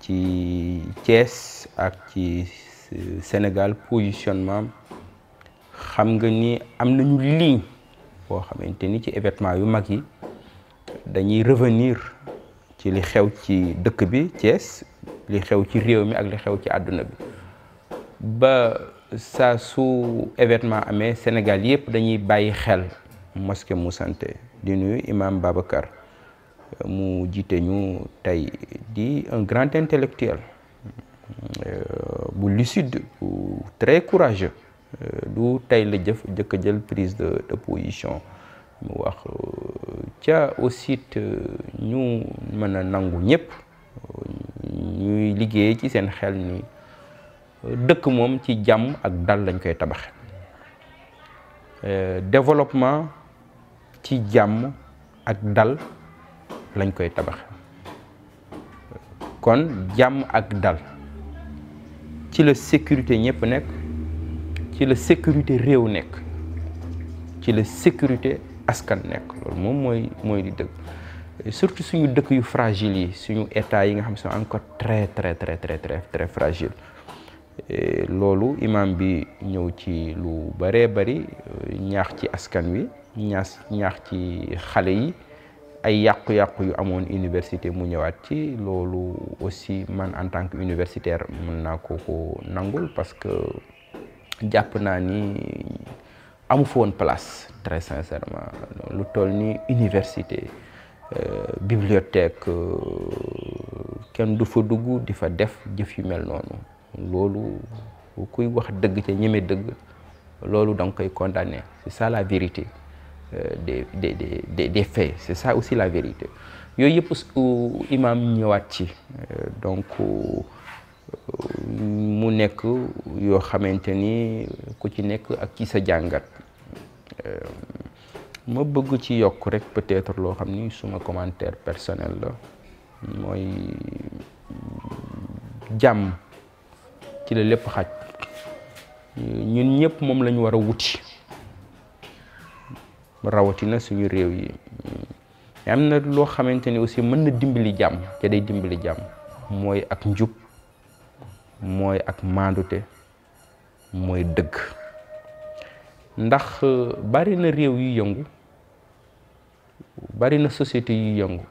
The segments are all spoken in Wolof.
ci cees ak ci Sénégal positionnement xam nga ni am nañu ligne boo xamante ni ci évétement yu mag yi dañuy revenir ci li xew ci dëkk bi Thiès li xew ci réew mi ak li xew ci àdduna bi ba sa su évétement amee Sénégal yëpp dañuy bàyyi xel mu Moussanté di nuyu imam Babacar mu jiite ñu tey di un grand intellectuel euh, bu lucide bu très courageux euh, du tey la jëf jëkk jël prise de de position mu wax euh, ca aussi ñu mën a nangu ñëpp ñuy liggéey ci seen xel ni dëkk moom ci jàmm ak dal lañ koy tabaxe développement ci jàmm ak dal lañ koy tabax kon jàmm ak dal ci la sécurité ñëpp nekk ci la sécurité réew nekk ci la sécurité askan nekk loolu moom mooy mooy di dëgg surtout suñu dëkk yu fragile yi suñu état yi nga xam ne encore très très très très très très fragile loolu imam bi ñëw ci lu bëree bëri ñaax ci askan wi ñaax ñaax ci xale yi ay yàqu-yàqu yu amoon université mu ñëwaat ci loolu aussi man en tant que universitaire mën naa ko ko nangul parce que jàpp naa ni amu fa place très sincèrement lu toll nii université euh, bibliothèque euh, kenn du fa dugg di fa def jëf yu mel noonu loolu kuy wax dëgg ci ñeme dëgg loolu da nga koy condamné c'est ça vérité de euh, des des de des faits c'est ça aussi la vérité yooyu yëpp imam ñëwaat ci euh, donc mu nekk yoo xamante ni ku ci nekk ak ci sa jàngat euh, ma bëgg ci yokk rek peut-être loo xam ni suma commentaire personnel la mooy jàmm ci la lépp xaj ñun ñëpp moom lañu ñu war a wuti rawatina suñu réew yi mais am na loo xamante ni aussi mën na dimbali jàmm te day dimbali jàmm mooy ak njub mooy ak maandute mooy dëgg ndax euh, bari na réew yu yëngu bari na société yu yëngu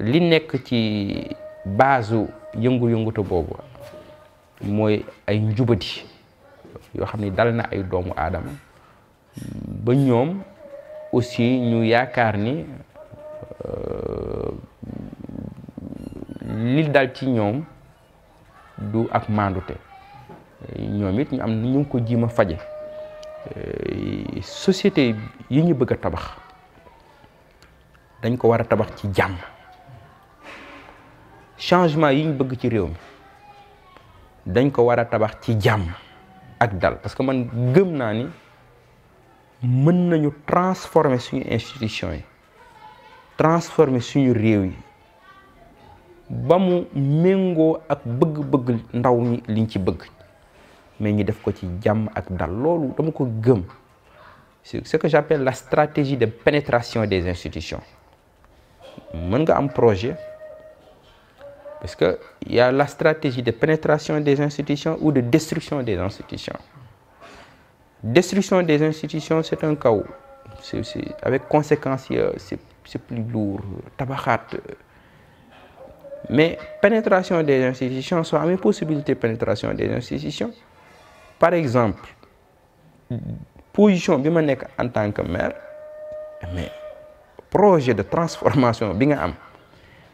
li nekk ci baasu yëngu-yëngute boobu mooy ay njubati yoo xam ni dal na ay doomu aadama ba ñoom aussi ñu yaakaar ni euh, li dal ci ñoom du ak maandute ñoom it ñu am ñu ko ko jiima faje euh, société yi ñu bëgg a tabax dañ ko war a tabax ci jàmm changement yi ñu bëgg ci réew mi dañ ko war a tabax ci jàmm ak dal parce que man gëm naa ni mën nañu transformer suñu institution yi transformer suñu réew yi ba mu méngoo ak bëgg-bëgg ndaw li liñ ci bëgg mais ngi def ko ci jàmm ak dal loolu dama ko gëm c'est ce que j'appelle la stratégie de pénétration des institutions mën nga am projet parce que y la stratégie de pénétration des institutions ou de destruction des institutions destruction des institutions c'est un chaos c'est avec conséquence yi euh, c'est plus lourd tabaxaat mais pénétration des institutions soo amee possibilité pénétration des institutions par exemple position bi ma nekk en tant que maire mais projet de transformation bi nga am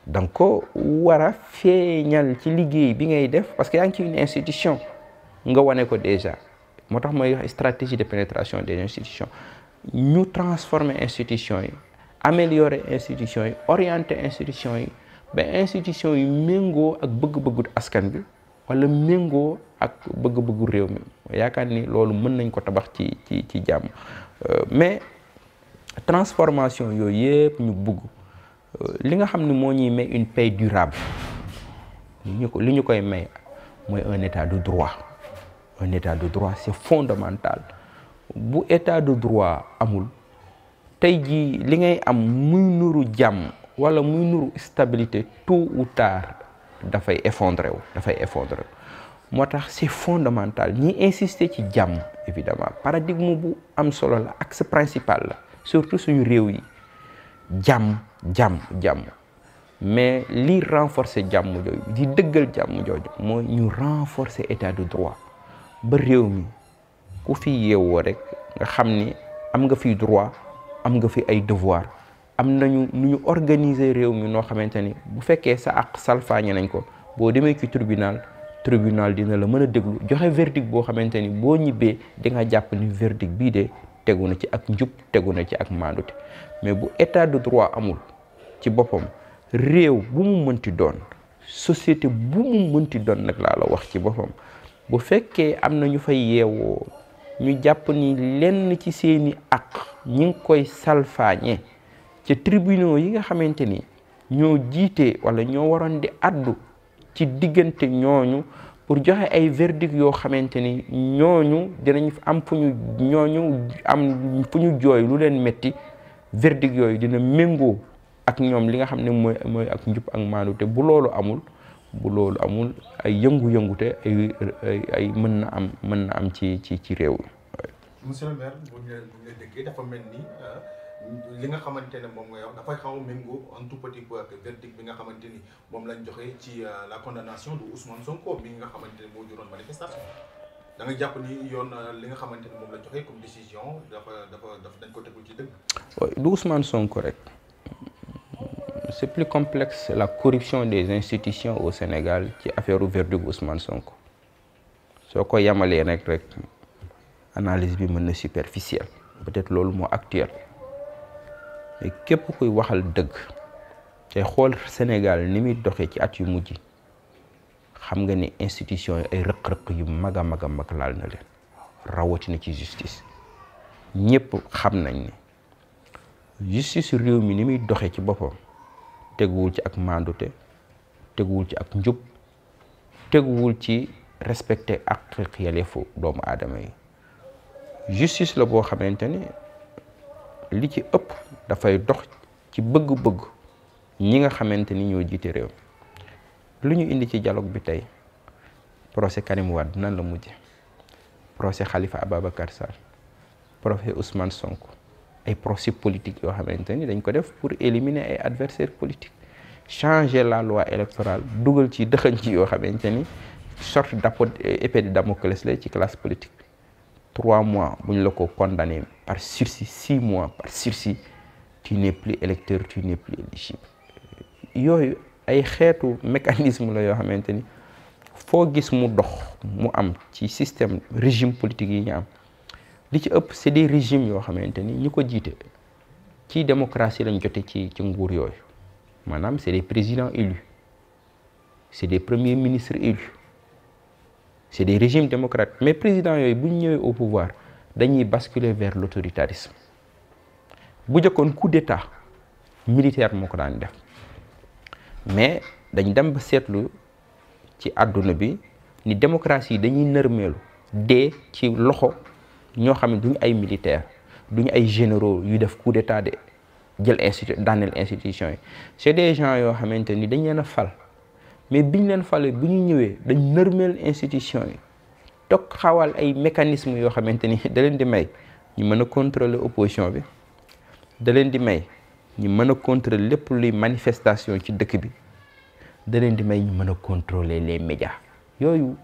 donc ko war a feeñal ci liggéey bi ngay def parce que yaa ngi ci une institution nga wane ko déjà moo tax mooy wax stratégie de pénétration des institutions ñu transformer institutions yi améliorer institutions yi orienter institutions yi ba institutions yi méngoo ak bëgg-bëggu askan bi wala méngoo ak bëgg-bëggu réew mi yaakaar ni loolu mën nañ ko tabax ci ci ci jàmm euh, mais transformation yooyu yëpp ñu bugg euh, li nga xam ne moo ñuy may une paix durable li ñu ko li ñu koy may mooy un état de droit un état de droit c'est fondamental bu état de droit amul tey jii li ngay am muy nuru jàmm wala muy nuru stabilité tout ou tard dafay effondré wu dafay effondré moo tax c'est fondamental ñii insister ci jàmm évidemment paradigme bu am solo la axe principal la surtout suñu réew yi jàmm jàmm jàmm mais lii renforcer jàmm jooju di dëggal jàmm jooju mooy ñu renforcer état de droit ba réew mi ku fi yeewoo rek nga xam ni am nga fi droit am nga fi ay devoir am nañu nu ñu organiser réew mi noo xamante ni bu fekkee sa ak salfaañe nañ ko boo demee ci tribunal tribunal dina la mën a déglu joxe verdict boo xamante ni boo ñibbee di nga jàpp ni verdict bii de tegu na ci ak njub tegu na ci ak maandute mais bu état de droit amul ci boppam réew bu mu mënti doon société bu mu mënti doon nag laa la wax ci boppam bu fekkee am na ñu fay yeewoo ñu jàpp ni lenn ci seeni àq ñi ngi koy salfaañe ci tribunaux yi nga xamante ni ñoo jiite wala ñoo waroon di addu ci diggante ñooñu pour joxe ay verdict yoo xamante ni ñooñu dinañ am fu ñu ñooñu am fu ñu jooy lu leen metti verdict yooyu dina méngoo ak ñoom li nga xam ne mooy mooy ak njub ak maandu te bu loolu amul bu loolu amul ay yëngu-yëngute ay ay mën na am mën na am ci ci ci réew mi. monsieur le maire bu ñu la dafa mel ni euh, li nga xamante ne moom ngay wax dafay xaw méngoo un tout petit peu bi nga xamante ni moom lañ joxe ci euh, la condamnation de Ousmane Sonko mi nga xamante ne moo juróon manifestation da nga jàpp ni yoon euh, li nga xamante ne moom lañ joxe comme décision dafa dafa dafa dañ ko tegul ci dëgg. du Ousmane Sonko rek. c'est plus complexe la corruption des institutions au Sénégal ci affaire verdict Ousmane Sonko soo ko yamalee rek rek analyse bi mën na superficielle peut-être loolu moo actuel mais képp kuy waxal dëgg te xool Sénégal ni muy doxee ci at yu mujj xam nga ni institution ay rëq-rëq yu mag a mag mag laal na leen rawatina ci justice ñëpp xam nañ ni justice réew mi ni muy doxee ci boppam. teguwul ci ak maandute teguwul ci ak njub teguwul ci respecté ak yelleefu doomu aadama yi justice la boo xamante ne li ci ëpp dafay dox ci bëgg-bëgg ñi nga xamante ni ñoo jiite réew lu ñu indi ci dialogue bi tey procès Karim Wade nan la mujje procès xalifa Ababacar Sall procès Ousmane Sonko ay procès politique yoo xamante ni dañ ko def pour éliminer ay adversaires politique changer la loi électorale dugal ci dëxañ ci yoo xamante ni sorte d'épée de Damoclès la ci classe politique bi trois mois bu la ko condamné par sursis six mois par sursis tu n'es plus électeur tu n'es plus éligible yooyu ay xeetu mécanisme la yoo xamante ni foo gis mu dox mu am ci système régime politique yi ñu am li ci ëpp c'est des régimes yoo xamante ni ñi ko jiite ci démocratie lañ jote ci ci nguur yooyu maanaam c'est des présidents élus c'est des premiers ministres élus c'est des régimes démocratiques mais président yooyu buñ ñëwee au pouvoir dañuy basculer vers l'autoritarisme bu jëkkoon coup d'état militaire moo ko daan def mais dañ dem ba seetlu ci àdduna bi ni démocratie dañuy nërmeelu dee ci loxo ñoo xam ne duñ ay militaire duñ ay généraux yu def coup d'état de jël institu daaneel institution yi c'est des gens yoo xamante ni dañ leen a fal mais biñ leen falee bu ñuy ñëwee dañ nërmeel institution yi toog xawal ay mécanisme yoo xamante ni da leen di may ñu mën a contrôler opposition bi da leen di may ñu mën a contrôler lépp luy manifestation ci dëkk bi da leen di may ñu mën a contrôler les médias yooyu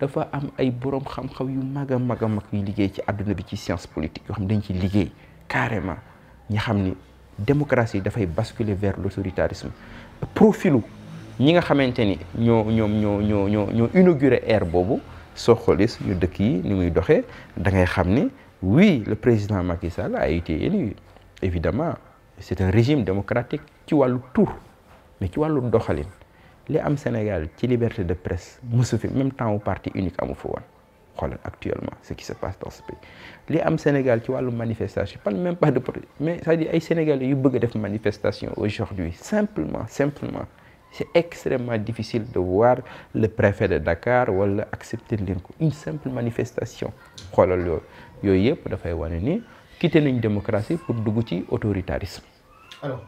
dafa am ay borom xam-xam yu mag a mag a mag yu liggéey ci adduna bi ci science politique yoo xam dañ ci liggéey carrément ñi xam ni démocratie dafay basculer vers l'autoritarisme profilu ñi nga xamante ni ñoo ñoom ñoo ñoo ñoo ñoo inauguré ère boobu soo xoolee suñu dëkk yi ni muy doxee da ngay xam ni oui le président Macky Sall a été élu évidemment c'est un régime démocratique ci wàllu tur mais ci wàllu doxalin li am Sénégal ci liberté de presse mosu fi même temps wu parti unique amu fa woon xoolal actuellement ce qui se passe dans ce pays li am Sénégal ci wàllu manifestation je parle même pas de projet mais cest dire ay Sénégalais yu bëgg a def manifestation aujourd'hui simplement simplement c'est extrêmement difficile de voir le préfet de Dakar wala accepter leen ko une simple manifestation xoolal loolu yooyu yëpp dafay wane ni quitté nañ démocratie pour dugg ci autoritarisme alors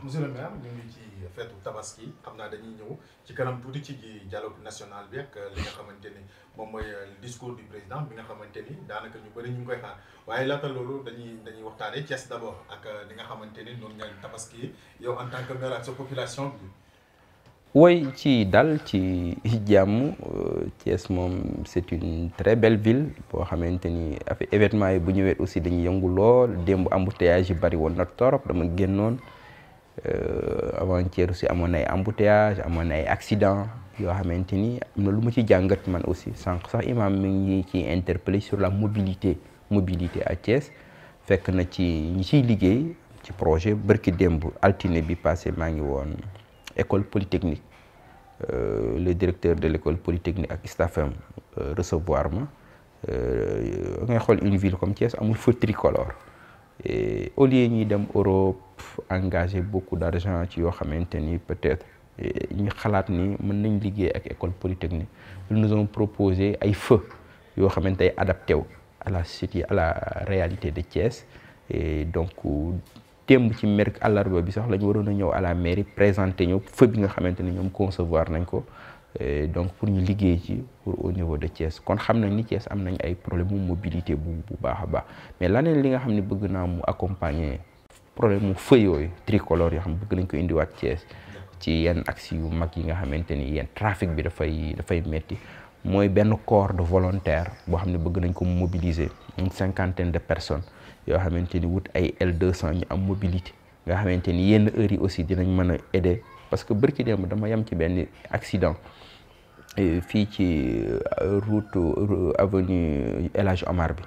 feetu tabaski xam naa dañuy ñëw ci kanam tuuti ci dialogue national bi ak li nga xamante ni moom mooy discours du président bi nga xamante ni daanaka ñu bëri ñu ngi koy xaar waaye laata loolu dañuy dañuy waxtaanee Thiès d' abord ak li nga xamante ni noonu ñooy tabaski yow en tant que maire sa population bi. woy ci dal ci jàmm Thiès moom c' est une très belle boo xamante ni affaire événement yi bu ñëwee aussi dañuy yëngu lool démb embouteillage yi bari woon na torop dama génnoon. Euh, avant-hier aussi amoon ay embouteillage amoon na ay accident yoo xamante ni am na lu ma ci jàngat man aussi sànq sax imam mi ngi ci interpellé sur la mobilité mobilité à Thiès fekk na ci ñi ciy liggéey ci projet bërki démb altine bi passé maa ngi woon école polytechnique euh, le directeur de lécole école polytechnique ak staffam euh, recevoir ma ngay xool une ville comme Thiès amul feu tricolore et au lieu ñuy dem Europe engagé beaucoup d' argent ci yoo xamante ni peut-être eh, ñu xalaat ni mën nañ liggéey ak école polytechnique ils nous ont proposé ay feux yoo xamante ay adapté wu à la cité à la réalité de Thiès et donc démb ci merc àllarba bi sax la ñu waroon a ñëw à la mairie présenté ñu feu bi nga xamante ni ñoom concevoir nañ ko donc pour ñu liggéey ci pour au niveau de Thiès kon xam nañ ni Thiès am nañ ay problème mu mobilité bu bu baax a baax mais laneen li nga xam ne bëgg naa mu accompagner problème mu feu yooyu tricolore yoo xam bëgg nañ ko indiwaat Thiès ci yenn axe yu mag yi nga xamante ni yenn trafic bi dafay dafay metti mooy benn corps de volontaire boo xam ne bëgg nañ ko mobiliser cinquante cinquantaine de personnes yoo xamante ni wut ay L200 ñu am mobilité nga xamante ni yenn heures yi aussi dinañ mën a aider parce que bërki démb dama yem ci benn accident euh, fii ci euh, route euh, avenue El Hadj Omar bi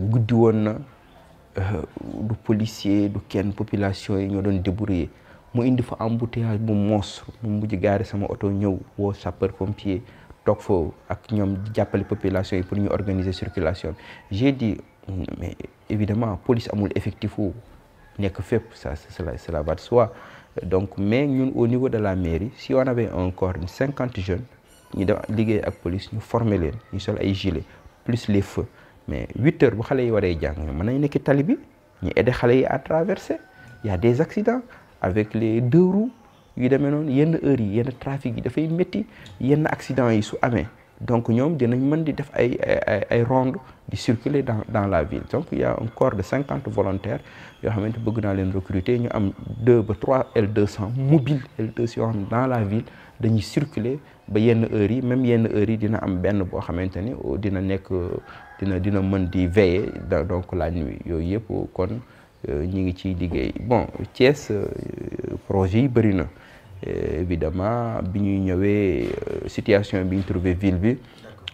guddi woon na Euh, du policier du kenn population yi ñoo doon débrouiller mu indi fa embouteillage bu monstre mu mujj gaari sama oto ñëw woo sapeur pompier toog foofu ak ñoom jàppale population yi pour ñu organiser circulation bi j'ai dit mais évidemment police amul effectif wu nekk fépp sa cela cela va de soi donc mais ñun au niveau de la mairie si on avait encore cinquante jeunes ñu def liggéey ak police ñu former leen ñu sol ay gilet plus les feux mais huit heures bu xale yi waree jàng ñu mën nañ nekk tali bi ñu aider xale yi à traverser y des accidents avec les deux roues yu demee noonu yenn heures yi yenn trafic yi dafay métti yenn accidents yi su amee donc ñoom dinañ mën di def ay ay ay ronde di circuler dans dans la ville donc il y a de cinquante volontaires yoo xamante bëgg naa leen recruter ñu am deux ba trois L deux cent mobile L deux cent dans la ville dañuy circuler ba yenn heures yi même yenn heures yi dina am benn boo xamante ni euh, dina nekk dina dina mën di veiller donc laa nuit yooyu yëpp kon euh, ñi ngi ci liggéey bon Thiès euh, projet yi bëri na évidemment bi ñuy ñëwee situation bi ñu trouvé ville bi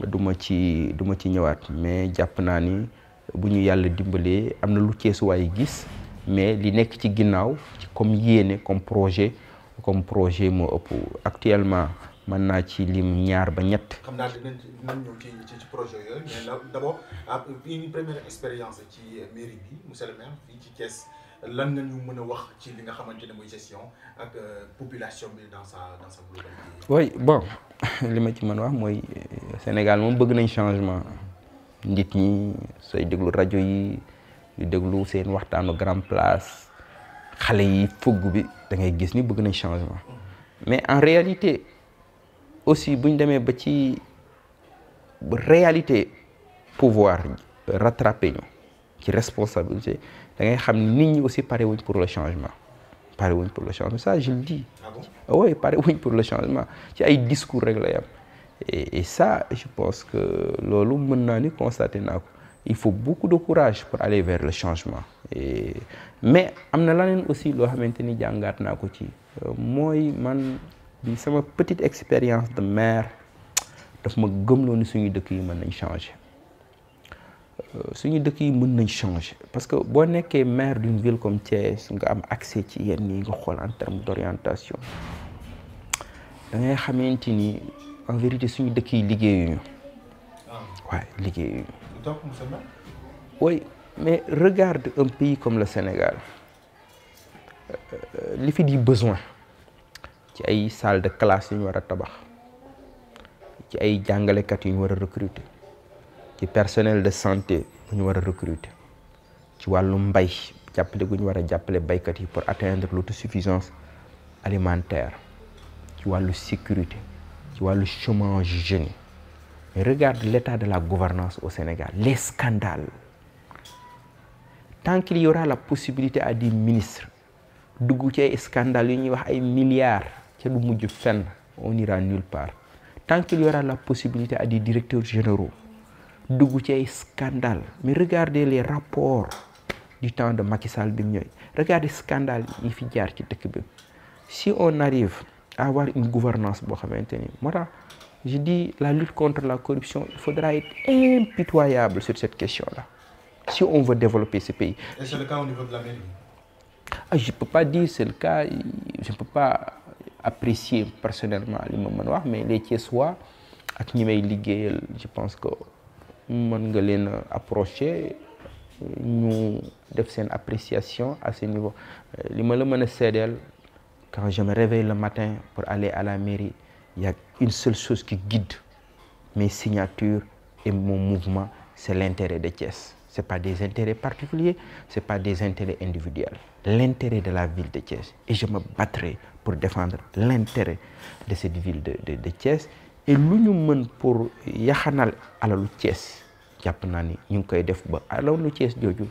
du ma ci du ci ñëwaat mais jàpp naa ni bu ñu yàlla dimbalee am na lu Thiès gis mais li nekk ci ginnaaw comme yéene comme projet comme projet moo ëpp actuellement mën naa ci lim ñaar ba ñett. xam naa dinañ projet yooyu mais d'abord ah, ci mairie bi monsieur mën a wax ci li nga xamante ne mooy gestion ak euh, population bi dans sa dans bon li ma ci mën wax mooy euh, Sénégal moom bëgg nañ changement nit ñi sooy déglu rajo yi di déglu seen waxtaanu grand place xale yi fugg bi dangay gis ni bëgg nañ changement mm-hmm. mais en réalité. aussi bu ñu demee ba ci réalité pouvoir rattraper ñu ci responsabilité da ngay xam ni nit ñi aussi parewuñ pour le changement pare wuñ pour le changement ça je ah wuñ pour le changement ci ay discours rek la yam sa ça je pense que loolu mën naa ni constaté naa ko il faut beaucoup de courage pour aller vers le changement et mais am na leneen aussi loo xamante ni jàngaat naa ko ci euh, mooy man. bi sama petite expérience de maire daf ma gëm ni suñu dëkk yi mën nañ changer euh, suñu dëkk yi mën nañ changer parce que boo nekkee maire d'une ville comme Thiès nga am accès ci yenn nii nga xool en terme d'orientation da ngay xamante ni en vérité suñu dëkk yi liggéeyuñu waaye ah. liggéeyuñu oui mais regarde un pays comme le Sénégal euh, euh, li fi di besoin ci ay salle de classe yu ñu war a tabax ci ay jàngalekat yu ñu war a recruter ci personnel de santé bu ñu war a recruter ci wàllu mbay jàppale gu ñu war a jàppale baykat yi pour atteindre suffisance alimentaire ci wàllu sécurité ci wàllu chômage jeune mais regarde l'état de la gouvernance au Sénégal les scandales tant qu'il y aura la possibilité à di ministres dugg ci ay scandales yu ñuy wax ay milliards ca du mujj fenn on ira nulle part tant qu'il y aura la possibilité à des directeurs généraux dugg ci scandale mais regardez les rapports du temps de Macky Sall bi mu ñëw regardez scandale yi fi jaar ci dëkk bi si on arrive à avoir une gouvernance boo xamante ni moo tax je dis la lutte contre la corruption il faudra être impitoyable sur cette question là si on veut développer ce pays. la mairie? Ah, je peux pas dire c'est cas je peux pas apprécier personnellement li ma mën wax mais les Thiessois ak ñi may liggéeyal je pense que mën nga leen approcher ñu def seen appréciation à ce niveau euh, li ma la mën a seedeel quand je me réveille le matin pour aller à la mairie il y a une seule chose qui guide mes signatures et mon mouvement c'est l'intérêt de Thiès c'est pas des intérêts particuliers c'est pas des intérêts individuels l'intérêt de la ville de Thiès et je me battrai pour défendre l'intérêt de cette ville de de, de lu ñu mën pour yaxanal alalu Thiès jàpp naa ni ñu ngi koy def ba alalu Thiès jooju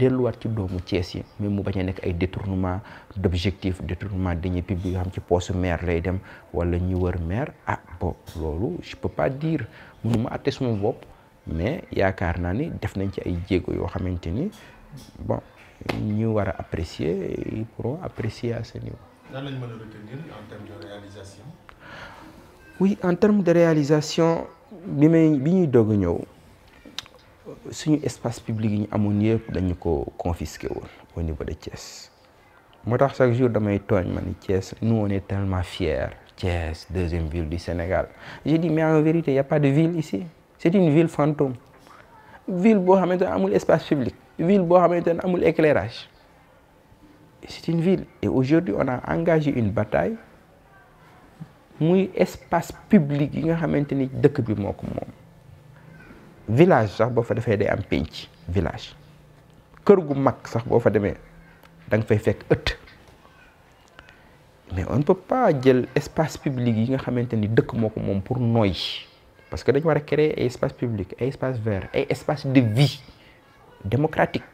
delluwaat ci doomu Thiès yi mais mu bañ a nekk ay détournement d'objectif détournement de deniers publics yoo xam ci poosu maire lay dem wala ñu wër maire ah bon loolu je peux pas dire mënuma àtte suma bopp mais yaakaar naa ni def nañ ci ay jéego yoo xamante ni bon ñu war a apprécier ils pourront apprécier à ce niveau. en termes de réalisation. oui bi may bi ñuy doog a ñëw suñu espace public yi ñu amoon yëpp dañu ko confisqué woon au niveau de Thiès moo tax chaque jour damay tooñ ma ni Thiès nous on tellement fiers Thiès deuxième ville du Sénégal j'ai dit mais en vérité y pas de ville ici. c'est une ville fantôme ville boo xamante ne amul espace public ville boo xamante ne amul éclairage c'est une ville et aujourd'hui on a engagé une bataille muy espace public yi nga xamante ni dëkk bi moo ko sax boo fa defee day am pénc village kër gu mag sax boo fa demee da fay fekk ëtt mais on ne peut jël espace public yi nga xamante ni dëkk moo ko moom pour noy parce que dañu war a créer ay espace public ay espace vert ay espace de vie démocratique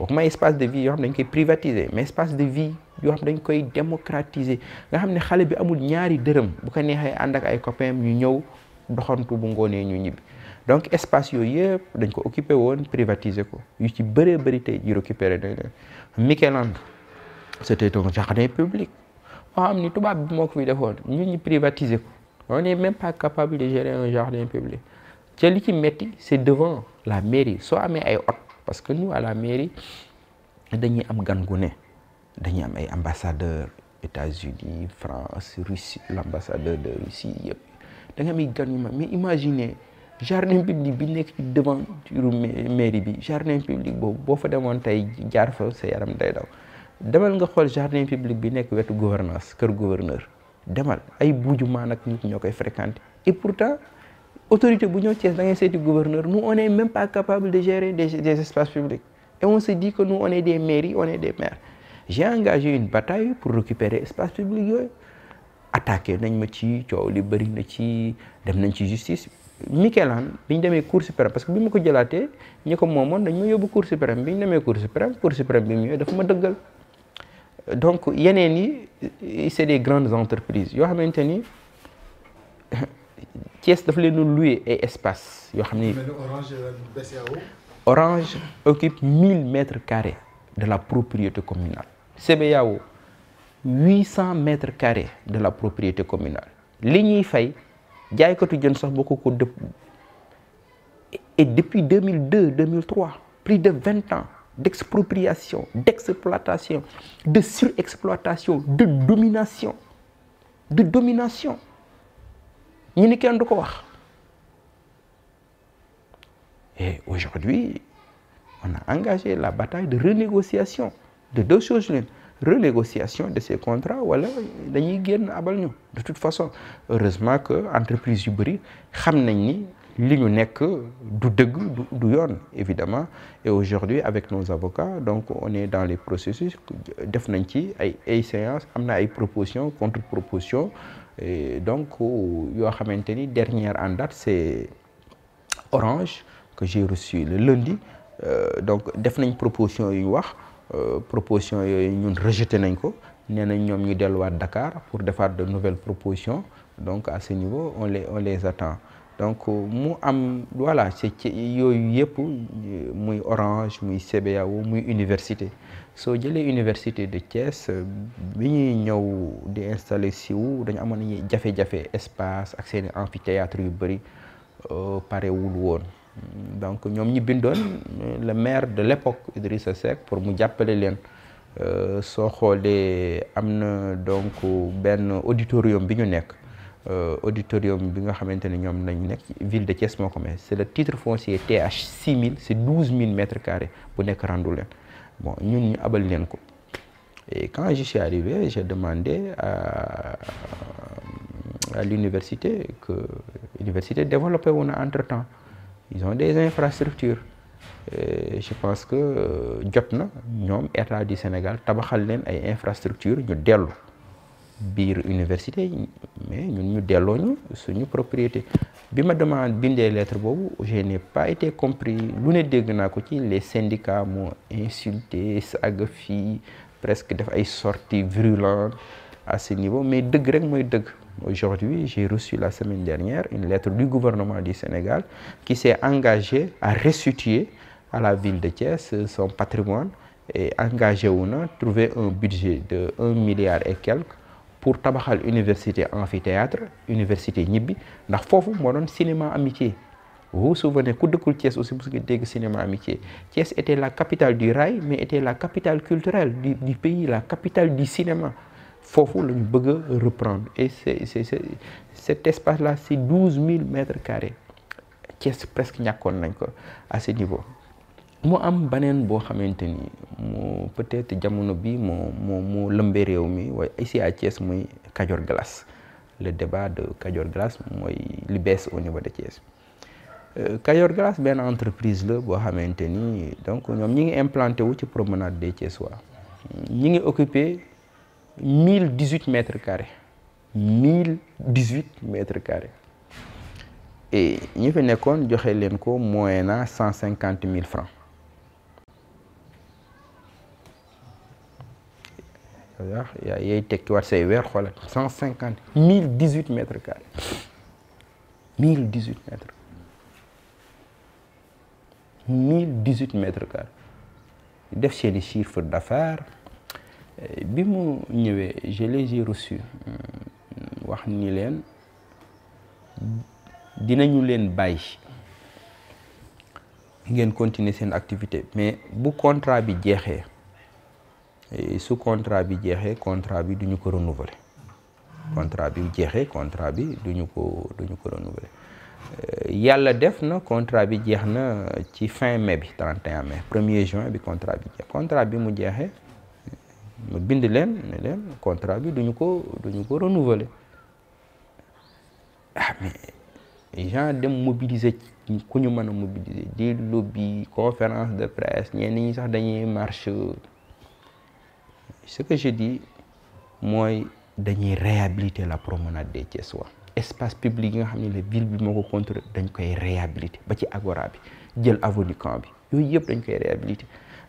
waxuma espace de vie yoo dañ koy privatiser mais espace de vie yoo xam dañ koy démocratiser nga xam ne xale bi amul ñaari dërëm bu ko neexee ànd ak ay copains ñu ñëw doxantu bu ngoonee ñu ñibbi donc espace yooyu yëpp dañ ko occupé woon privatiser ko yu ci bëree bëri tey ji récupéré nañ leen Micheland c'était un jardin public boo ni tubaab bi moo ko fi defoon ñu privatiser ko on n'est même pas capable de gérer un jardin public ca li ci métti c'est devant la mairie soo amee ay hôtes parce que nous à la mairie dañuy am gan gu ne dañuy am ay ambassadeurs États-Unis France Russie l'ambassadeur de Russie yëpp da nga am gan yu ma mi imaginez jardin public bi nekk ci devanture mairie bi jardin public boobu boo fa demoon tey jaar fa sa yaram day daw demal nga xool jardin public bi nekk wetu gouvernance kër gouverneur demal ay buujumaan ak nit ñoo koy fréquenter et pourtant autorité bu ñëw Thiès da ngay seeti gouverneur nous on est même pas capable de gérer des, des espaces publics et on se dit que nous on est des mairies on des maires j'ai une bataille pour récupérer espace public yooyu attaqué nañ ma ci coow li bari na ci dem nañ ci justice Mikelaan bi ñu demee cour suprême parce que bi ma ko jëlaatee ñi ko moomoon dañ ma yóbbu cour suprême bi ñu demee cour suprême cour bi mu ñëwee ma dëggal donc yeneen yi c'est des grandes entreprises yoo xamante ni Thiès daf leen louer ay espace yoo xam ni Orange occupe 1000 mètres carré de la propriété communale CBAO 800 mètres carré de la propriété communale li ñuy fay jaaykatu jën sax boo ko ko dëpp et depuis 2002 2003 plus de 20 ans d'expropriation, d'exploitation, de surexploitation, de domination. De domination. Nous ne pouvons pas Et aujourd'hui, on a engagé la bataille de renégociation de deux choses l'une. Renégociation de contrat wala ces abal voilà, de toute façon, heureusement que l'entreprise Uberi, savent li ñu nekk du dëgg du yoon évidemment et aujourd'hui avec nos avocats donc on est dans les processus def nañ ci ay ay am na ay propositions contre propositions et donc yoo xamante ni dernière en date c'est Orange que le lundi euh, donc def nañ propositions yu ñu wax euh, propositions yooyu ñun rejeté nañ ko nee nañ ñoom ñu delluwaat Dakar pour defaat de nouvelles propositions donc à ce niveau les on les attend donc mu am voilà c'est ci yooyu yëpp muy Orange muy CBAO muy université soo jëlee université de Thiès bi ñuy ñëw di installé siwu dañu amoon nañu jafe-jafe espace ak seeni amphithéâtre yu bëri euh, parewul woon donc ñoom ñi bindoon le maire de l'époque Idrissa sec pour mu jàppale leen euh, soo xoolee am na donc benn auditorium bi ñu nekk Euh, auditorium bi nga xamante ne ñoom nañ nekk ville de Thiès moo ko may c' est le titre foncier TH 6000 c' est 12000 mètres carrés bu nekk Randoulène bon ñun ñu abal leen ko et quand je suis arrivé j'ai demandé à à l'université que l'université développé wu na entre temps ils ont des infrastructures et je pense que euh, jot na ñoom état du Sénégal tabaxal leen ay infrastructures ñu dellu. biir université mais ñun ñu delloo ñu suñu propriété bi ma demande bindee lettre boobu je n'ai pas été compris lu ne dégg naa ko ci les syndicats m'ont insulté saaga fii presque def ay sorties virulentes à ce niveau mais dëgg rek mooy dëgg aujourd'hui j'ai reçu la semaine dernière une lettre du gouvernement du Sénégal qui s'est engagé à restituer à la ville de Thiès son patrimoine et engagé wu na trouver un budget de un milliard et quelques pour tabaxal université amphithéâtre université ñibbi ndax foofu moo doon cinéma amitié vous vous souvenez ku dëkkul Thiès aussi bu nga dégg cinéma amitié Thiès était la capital du rail mais était la capitale culturelle du, du pays la capital du cinéma foofu la ñu bëgg a reprendre et c'est c'est cet espace là c'est douze mille mètres carrés Thiès presque ñàkkoon nañ ko à ce niveau mu am beneen boo xamante ni moo peut-être jamono bi moo moo moo lëmbee réew mi waaye ici à Thiès muy Kajoor Glace le débat de Kajoor Glace mooy li bees au niveau de Thiès euh, Kajoor Glace benn entreprise la boo xamante ni donc ñoom ñi ngi implanté wu ci promenade des Thiessois ñi ngi occupé mille dix huit mètres carrés mille dix huit mètres carrés ñi fi nekkoon joxe leen ko moyennant cent cinquante mille francs waaw yaa yey tekkiwaat say weer xoolal cent cinquante mille dix huit mètres carrés mille dix huit mètres mille dix huit mètres carrés def seeni chiffre d'affaires bi mu ñëwee je les ai hmm, wax ni leen dinañu leen bàyyi ngeen continuer seen activité mais bu contrat bi jeexee su contrat bi jeexee contrat bi duñu ko renouveler contrat bi jeexee contrat bi duñu ko duñu ko renouveler euh, yàlla def na contrat bi jeex na ci fin mais bi 31 mai 1er juin bi contrat bi contrat bi mu jeexee mu bind leen ne leen contrat bi duñu ko duñu ko renouveler a ah, mais gens dem mobiliser ku ñu mën a mobiliser di lobby conférence de presse ñenn ñi sax dañuy marché ce que je dis mooy dañuy réhabiliter la promenade des Thiessois espace public yi nga xam ne la ville bi moo ko contrôler dañ koy réhabiliter ba ci agora bi jël avenue Caen bi yooyu yëpp dañ koy mais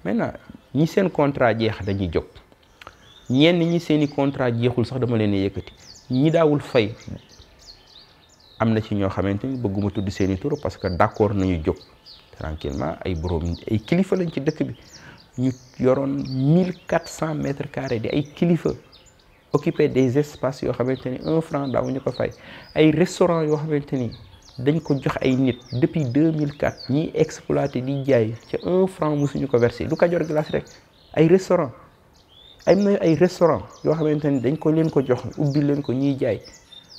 maintenant ñi seen contrat jeex dañuy jóg ñenn ñi seeni contrat jeexul sax dama leen yëkkati ñi daawul fay am na ci ñoo xamante ni bëgguma tudd seeni tur parce que d'accord nañu jog tranquillement ay borom ay kilifa lañ ci dëkk bi ñu yoroon mille quatre cent mètres carrés di ay kilifa occupé des espaces yoo xamante ni un franc daaw ñu ko fay ay restaurant yoo xamante ni dañ ko jox ay nit depuis 2004 ñiy exploité di jaay ca un franc mosuñu ko versé du Kajoor Glace rek ay restaurant am na ay restaurant yoo xamante ni dañ ko leen ko jox ubbi leen ko ñuy jaay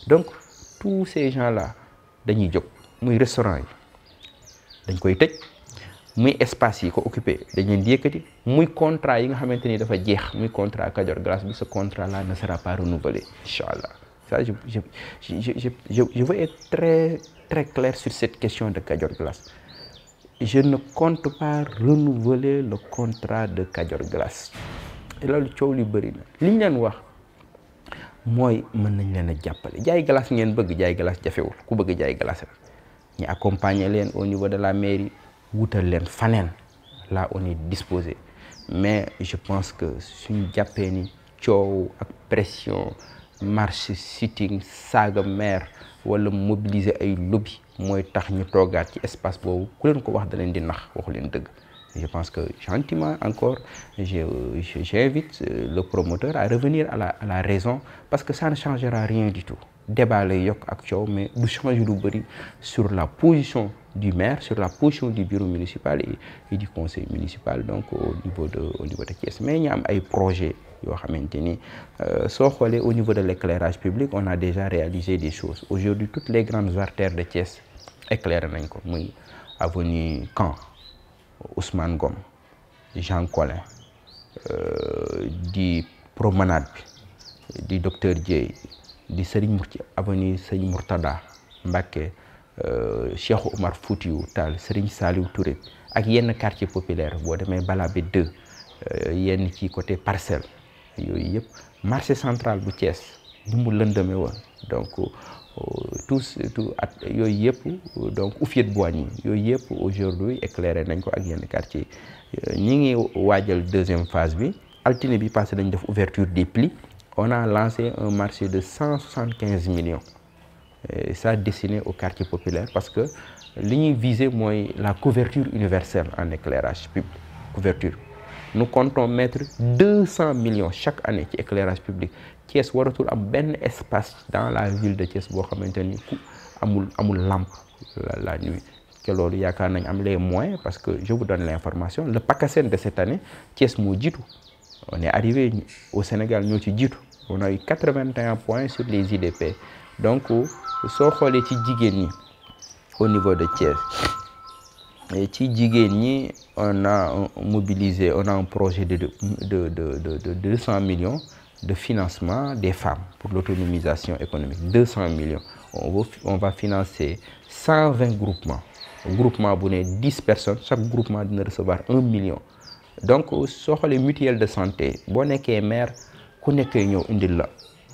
donc tous ces gens la dañuy jóg muy restaurant yi dañ koy tëj muy espace yi ko occupé dañ leen di yëkkati muy contrat yi nga xamante ni dafa jeex muy contrat Kajoor Glace bi ce contrat là ne sera pas renouvelé incha allah ça je je je je je veux cette question de Kajoor Glace je ne compte pas renouveler le contra de Kajoor Glace loolu coow li bëri na li ñu leen wax mooy mën nañ leen a jàppale jaay glace ngeen bëgg jaay glace jafewul ku bëgg jaay glace la ñu leen au niveau de la mairie. wutal leen faneen la on est disposé mais je pense que suñ jàppee ni coow ak pression marche sitting saaga maire wala mobiliser ay lobby mooy tax ñu toogaat ci espace boobu ku leen ko wax da leen di nax waxu leen dëgg je pense que gentiment encore je j'invite euh, le promoteur à revenir à la à la raison parce que ça ne changera rien du tout débat yokk ak coow mais du changer lu bëri sur la position du maire sur la position du bureau municipal et, et du conseil municipal donc au niveau de au mais ñu am ay projets yoo xamante ni euh, soo xoolee au niveau de l'éclairage public on a déjà réalisé des choses aujourd'hui toutes les grandes artères de Thiès éclairé nañ ko muy avenue Caen Ousmane Ngom Jean Collin euh, promenade bi di docteur Dieye di Serigne Mour ci avenue Serigne Mourtada Mbacké euh, Cheikh Oumar Foutiyou Tall Serigne Saliou Touré ak yenn quartier populaire boo demee balaa Balabé 2 euh, yenn ci côté parcelle yooyu yëpp marché central bu Thiès ni mu lëndëme woon donc euh, tous tout at yooyu yëpp donc Houphouët-Boigny yooyu yëpp aujourd'hui éclairé nañ ko ak yenn quartier ñi ngi waajal deuxième phase bi altine bi passé dañ def ouverture des plis on a lancé un marché de 175 millions et ça destiné au quartier populaire parce que li ñuy viser mooy la couverture universelle en éclairage public couverture nous comptons mettre 200 millions chaque année ci éclairage public Thiès waratul am benn espace dans la ville de Thiès boo xamante ni ku amul amul lampe la nuit te loolu yaakaar nañ am les moyens parce que je vous donne l'information le PACASEN de cette année Thiès moo jiitu on est arrivé au Sénégal ñoo ci jiitu on a eu 81 points sur les IDP donc soo xoolee ci jigéen ñi au niveau de Thiès ci jigéen ñi on a mobilisé on a un projet de de de de de 200 millions de financement des femmes pour l'autonomisation économique 200 millions on va on va financer 120 groupements groupement bu ne 10 personnes chaque groupement dina recevoir 1 million donc soo xoolee mutuelle de santé boo nekkee maire. ku nekkee ñëw indil la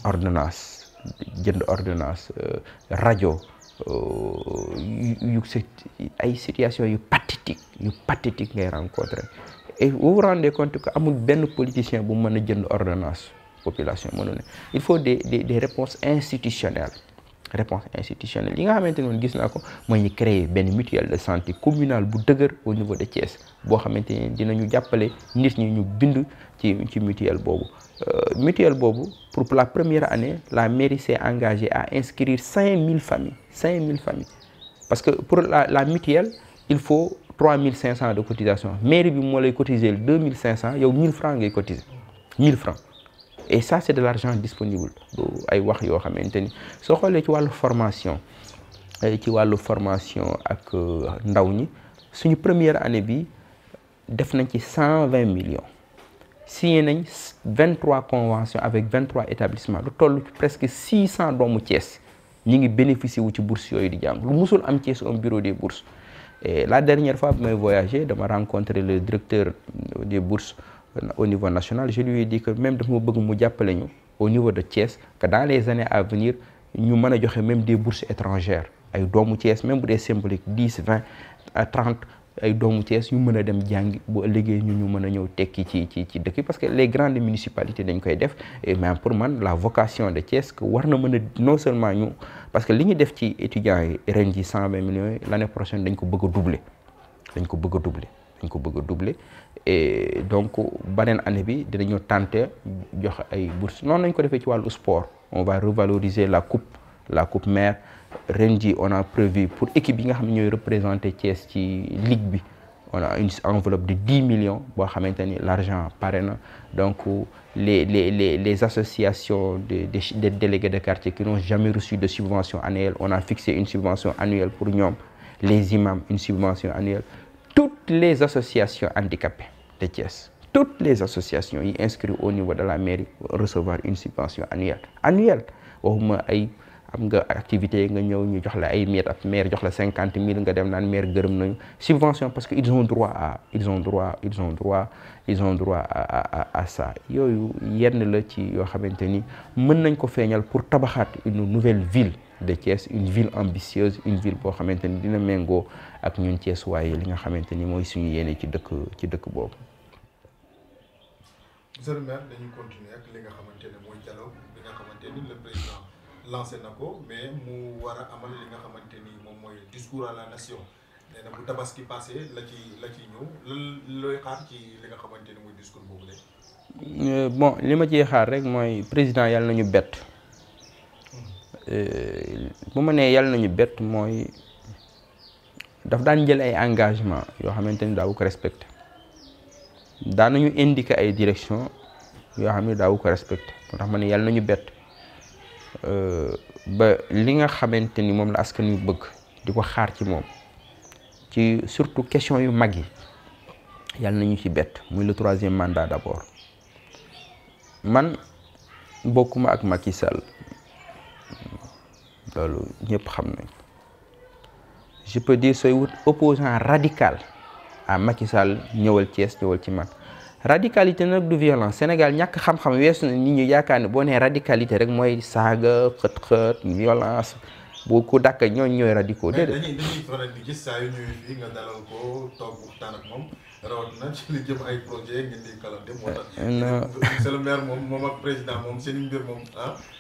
ordonnance jënd ordonnance euh, rajo euh, yu ay situation yu pathétique yu pathétique ngay rencontré et vous vous compte que amul benn politicien bu mën a jënd ordonnance population mënu ne il faut des des des réponses institutionnelles réponse institutionnelle yi nga xamante noonu gis naa ko mooy ñu créer benn mutuelle de santé communal bu dëgër au niveau de Thiès boo xamante ni dinañu jàppale nit ñi ñu bind ci ci mutuelle boobu euh, mutuelle boobu pour la première année la mairie s'est engagée à inscrire 5000 cinq mille familles parce que pour la la mutuelle il faut mille cinq 3500 de cotisation mairie bi moo lay cotiser 2500 yow 1000 francs ngay cotiser 1000 francs et ça c'est de l'argent disponible du ay wax yoo xamante ni soo xoolee ci wàllu formation ci wàllu formation ak euh, ndaw ñi suñu première année bi def nañ ci vingt millions. signé nañ vingt trois conventions avec vingt trois établissements lu toll ci presque six cent doomu Thiès ñi ngi bénéficier wu ci bourse yooyu di jàmm lu musul am Thiès un bureau des bourses la dernière fois bi may voyagé dama rencontré le directeur des bourses euh, au niveau national je lui ai dit que même dafa bëgg mu jàppale ñu au niveau de Thiès que dans les années à venir ñu mën a joxe même de bourses étrangères ay doomu Thiès même bu dee symbolique dix vingt trente ay doomu Thiès yu mën a dem jàngi boo ëllëgee ñu ñu mën a ñëw tekki ci ci ci dëkk parce que les grandes municipalités dañ koy def mais pour man la vocation de Thiès que war na mën a non seulement ñu parce que li ñu def ci étudiants yi ren ji cent vingt millions yi l'année prochaine dañ ko bëgg a doubler dañ ko bëgg a doubler dañ ko bëgg a doubler donc beneen année bi dinañu tenter jox ay bourses noonu lañ ko defee ci wàllu sport on va revaloriser la coupe la coupe maire ren on a prévu pour équipe yi nga xam ne représenté Thiès ci ligue bi on a une enveloppe de dix millions boo xamante ni l'argent pare na donc les les les les associations des des des délégués de quartier qui n'ont jamais reçu de subvention annuelle on a fixé une subvention annuelle pour ñoom les imams une subvention annuelle toutes les associations handicapées de Thiès toutes les associations yi inscrites au niveau de la mairie recevoir une subvention annuelle annuelle am nga activité nga ñëw ñu jox la ay miir ak maire jox la cinquante mille nga dem naan maire gërëm nañu subvention parce que ils ont droit à ils ont droit ils à à yooyu yenn la ci yoo xamante ni mën nañ ko feeñal pour tabaxaat une nouvelle ville de Thiès une ville ambitieuse une ville boo xamante ni dina méngoo ak ñun Thiès waaye li nga xamante ni mooy suñu yéene ci dëkk ci dëkk boobu. lancé na ko mais mu war a amal li nga xamante ni moom mooy discours la nation nee bu tabaski passé la ci la ci ñëw lan looy xaar ci li nga xamante ni mooy discours boobu la. Euh, bon li ma ciy xaar rek mooy président yàlla nañu bett hmm. euh, bu ma nee yàlla nañu bett mooy daf daan jël ay engagement yoo xamante ni daawu ko respecté daan nañu indiqué ay direction yoo xam ne daawu ko respecté moo tax ma ne na ñu bett. ba li nga xamante ni moom la askan yu bëgg di ko xaar ci moom ci surtout question yu mag yi yàlla nañu ci bett muy le troisième mandat d'abord man bokkuma ak Macky loolu ñëpp xam nañ je peut dire sooy wut opposant radical a Macky ñëwal Thiès ñëwal ci man radicalité nag du violence Sénégal ñàkk xam-xam weesu na nit yaakaar ne boo nee radicalité rek mooy saaga xët-xët violence bu ko dàkk ñooñ ñooy radicaux dañuy dañuy faral di jëm ay projet ngeen euh,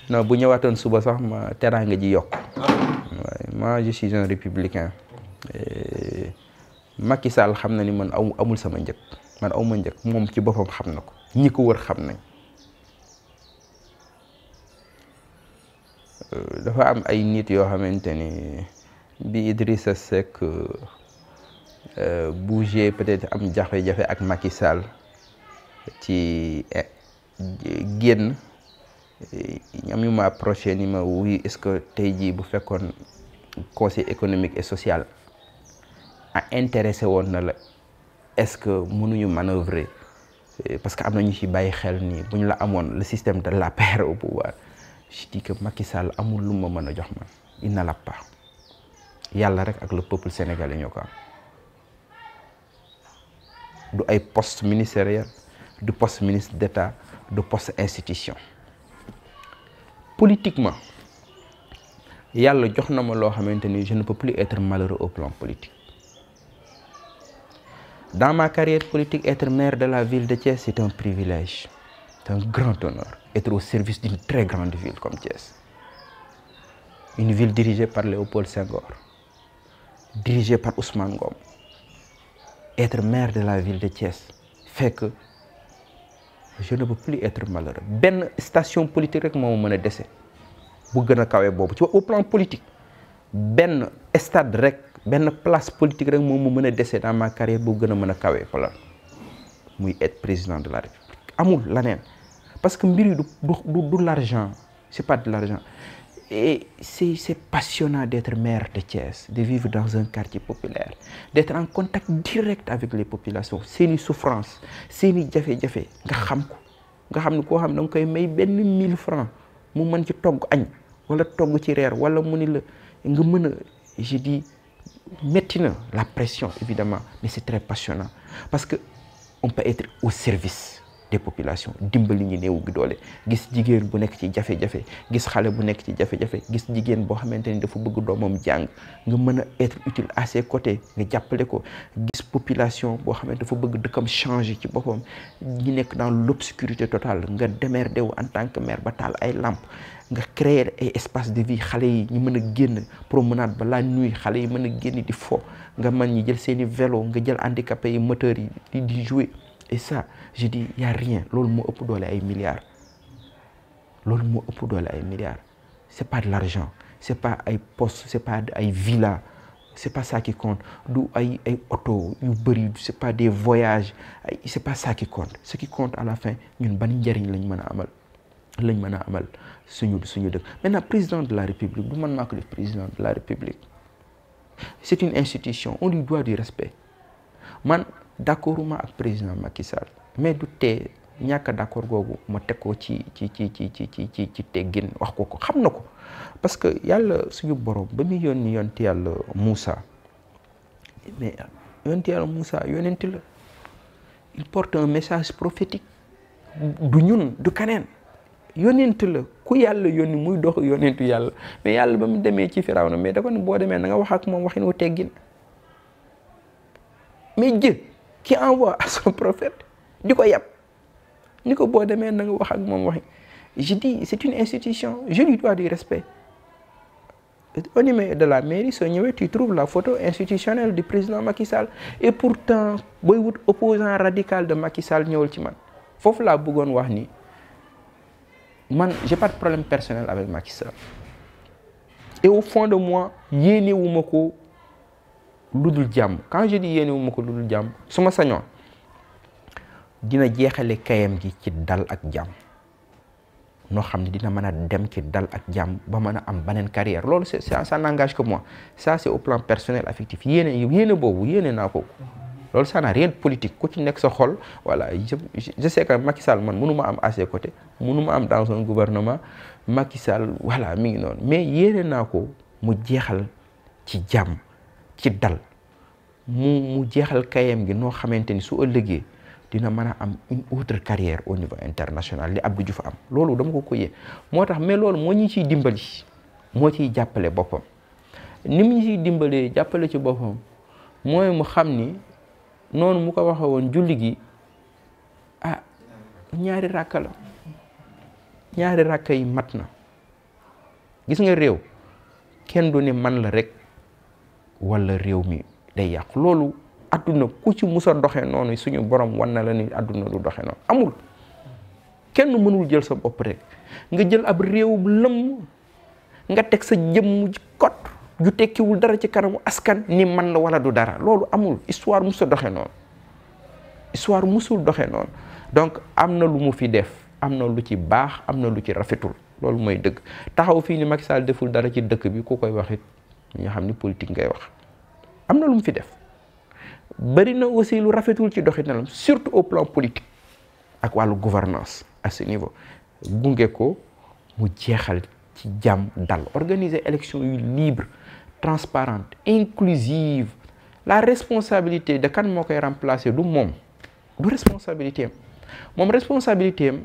ah. bu ñëwaatoon suba sax ma teraanga ji yokk. ah waaye moi je suis un républicain. Macky Sall xam na ni man amul sama njëkk. man aw ma njëkk moom ci boppam xam na ko ñi ko wër xam nañ euh, dafa am ay nit yoo xamante ni bi Idrissa Seck euh, bougé peut-être am jafe-jafe ak Macky ci eh, génn eh, ñam ñu ma approché ni ma wuy est-ce que tey jii bu fekkoon conseil économique et sociale a intéressé woon na la est-ce que mënuñu manœuvrer parce que am na ñu ci bàyyi xel nii bu ñu la amoon le système de la paire au pouvoir je dis Sall amul lu ma mën a jox man il ne yàlla rek ak la peuple sénégalais ñoo ko am du ay poste ministériel du poste ministre d'État du poste institution politiquement yàlla jox na ma loo xamante ni je ne peux plus être malheureux au plan politique Dans ma carrière politique, être maire de la ville de Thiès, c'est un privilège. C'est un grand honneur. Être au service d'une très grande ville comme Thiès. Une ville dirigée par Léopold Senghor, dirigée par Ousmane Gom. Être maire de la ville de Thiès fait que je ne peux plus être malheureux. benn station politique rek moo mën a dese bu gën a kawee boobu ci au plan politique benn stade rek. benn place politique rek moom mu mën a dese dans ma carrière boo gën a mën a kawee plan muy et président de la république amul laneen parce que mbir yi du du du l'argent c'est pas de l'argent et c'est c'est passionnant d'être maire de Thiès de vivre dans un quartier populaire d'être en contact direct avec les populations seeni souffrance seeni jafe-jafe nga xam ko nga xam ne koo xam ne da nga koy may benn mille francs mu mën ci togg añ wala togg ci reer wala mu ni la nga mën a je dis métti na la pression évidemment mais c'est très passionnant parce que on peut être au service des population dimbali ñu néew gi doole gis jigéen bu nekk ci jafe-jafe gis xale bu nekk ci jafe gis jigéen boo xamante ni dafa bëgg doomam jàng nga mën a être utile à ses côtés nga jàppale ko gis population boo xamante dafa bëgg dëkkam changer ci boppam ñi nekk dans l'obscurité totale nga démerdé wu en tant que maire ba taal ay làmp nga créer ay espace de vie xale yi ñu mën a génn promenade la nuit xale yi mën a génn di fo nga man ñi jël seeni velo nga jël handicapé yi moteur yi di di jouer et ça je dis rien loolu moo ëpp doole ay milliards loolu moo ëpp doole ay milliards c'est pas de l'argent c'est pas ay poste c'est pas ay villa c'est pas ça qui du ay ay oto yu bëri c'est pas des voyage ay c'est pas ça qui compte ce qui à la fin ñun ban njariñ lañ mën a amal mën a amal suñu suñu dëkk maintenant président de la république du man maa ko président de la république c'est une institution on lui doit de respect man d'accorduma ak président Macky Sall mais du tee ñàkk d'accord googu ma teg ko ci ci ci ci ci ci ci ci teggin wax ko ko xam na ko parce que yàlla suñu borom ba muy yónni yonti yàlla Moussa mais yonti yàlla Moussa yonent il porte un message prophétique du ñun du keneen yonent la ku yàlla yónni muy dox yonentu yàlla mais yàlla ba mu demee ci Firawna mais da ko ne boo demee na nga wax ak moom waxin wu teggin mais jë qui envoie à son prophète di ko yàpp ni ko boo demee na nga wax ak moom waxin je dis c'est une institution je lui dois du respect au niveau de la mairie soo ñëwee tu trouves la photo institutionnelle de président Macky Sall et pourtant booy wut opposant radical de Macky Sall ñëwul ci man foofu laa bëggoon wax nii man j'ai pas de problème personnel avec Macky Sall et au fond de moi yéenewuma ko lu dul jàmm quand di dis yéenewuma ko lu dul jàmm su ma sañoon dina jeexale kayam gi ci dal ak jàmm noo xam dina mën a dem ci dal ak jàmm ba mën a am beneen carrière loolu c'est ça n'engage que moi sa c'est au plan personnel affectif yéene yéene boobu yéene naa ko loolu ça n'a rien de politique ku ci nekk sa xol voilà je je sais que Sall man mënu ma am à ses côtés ma am dans un gouvernement Macky Sall voilà mi ngi noon mais yéene naa ko mu jeexal ci jàmm ci dal mu mu jeexal kayam gi noo xamante ni su ëllëgee dina mën a am une autre carrière au niveau international li Abdou Diouf am loolu dama ko koyee moo tax mais loolu moo ñu ciy dimbali moo ciy jàppale boppam ni mu ñu dimbalee jàppale ci boppam mooy mu xam ni. noonu mu ko waxee woon julli gi ah ñaari ràkk la ñaari ràkk yi mat na gis nga réew kenn du ne man la rekk wala réew mi day yàqu loolu adduna ku ci musa doxe noonu suñu borom wan na la ni adduna du doxe noonu amul kenn mënul jël sa bopp rek nga jël ab réew lëmm nga teg sa jëmm ci kot ju tekkiwul dara ci kanamu askan ni man la wala du dara loolu amul histoire musul doxee noonu histoire musul doxe noonu donc am na lu mu fi def am na lu ci baax am na lu ci rafetul loolu mooy dëgg taxaw fii ni Macky Sall deful dara ci dëkk bi ku koy wax it xam ni politique ngay wax am na lu mu fi def bëri na aussi lu rafetul ci doxinalam surtout au plan politique ak wàllu gouvernance à ce niveau gunge ko mu jeexal ci jàmm dal organiser élection yu libre transparente inclusive la responsabilité de kan moo koy remplacer du moom du responsabilité moom responsabilité am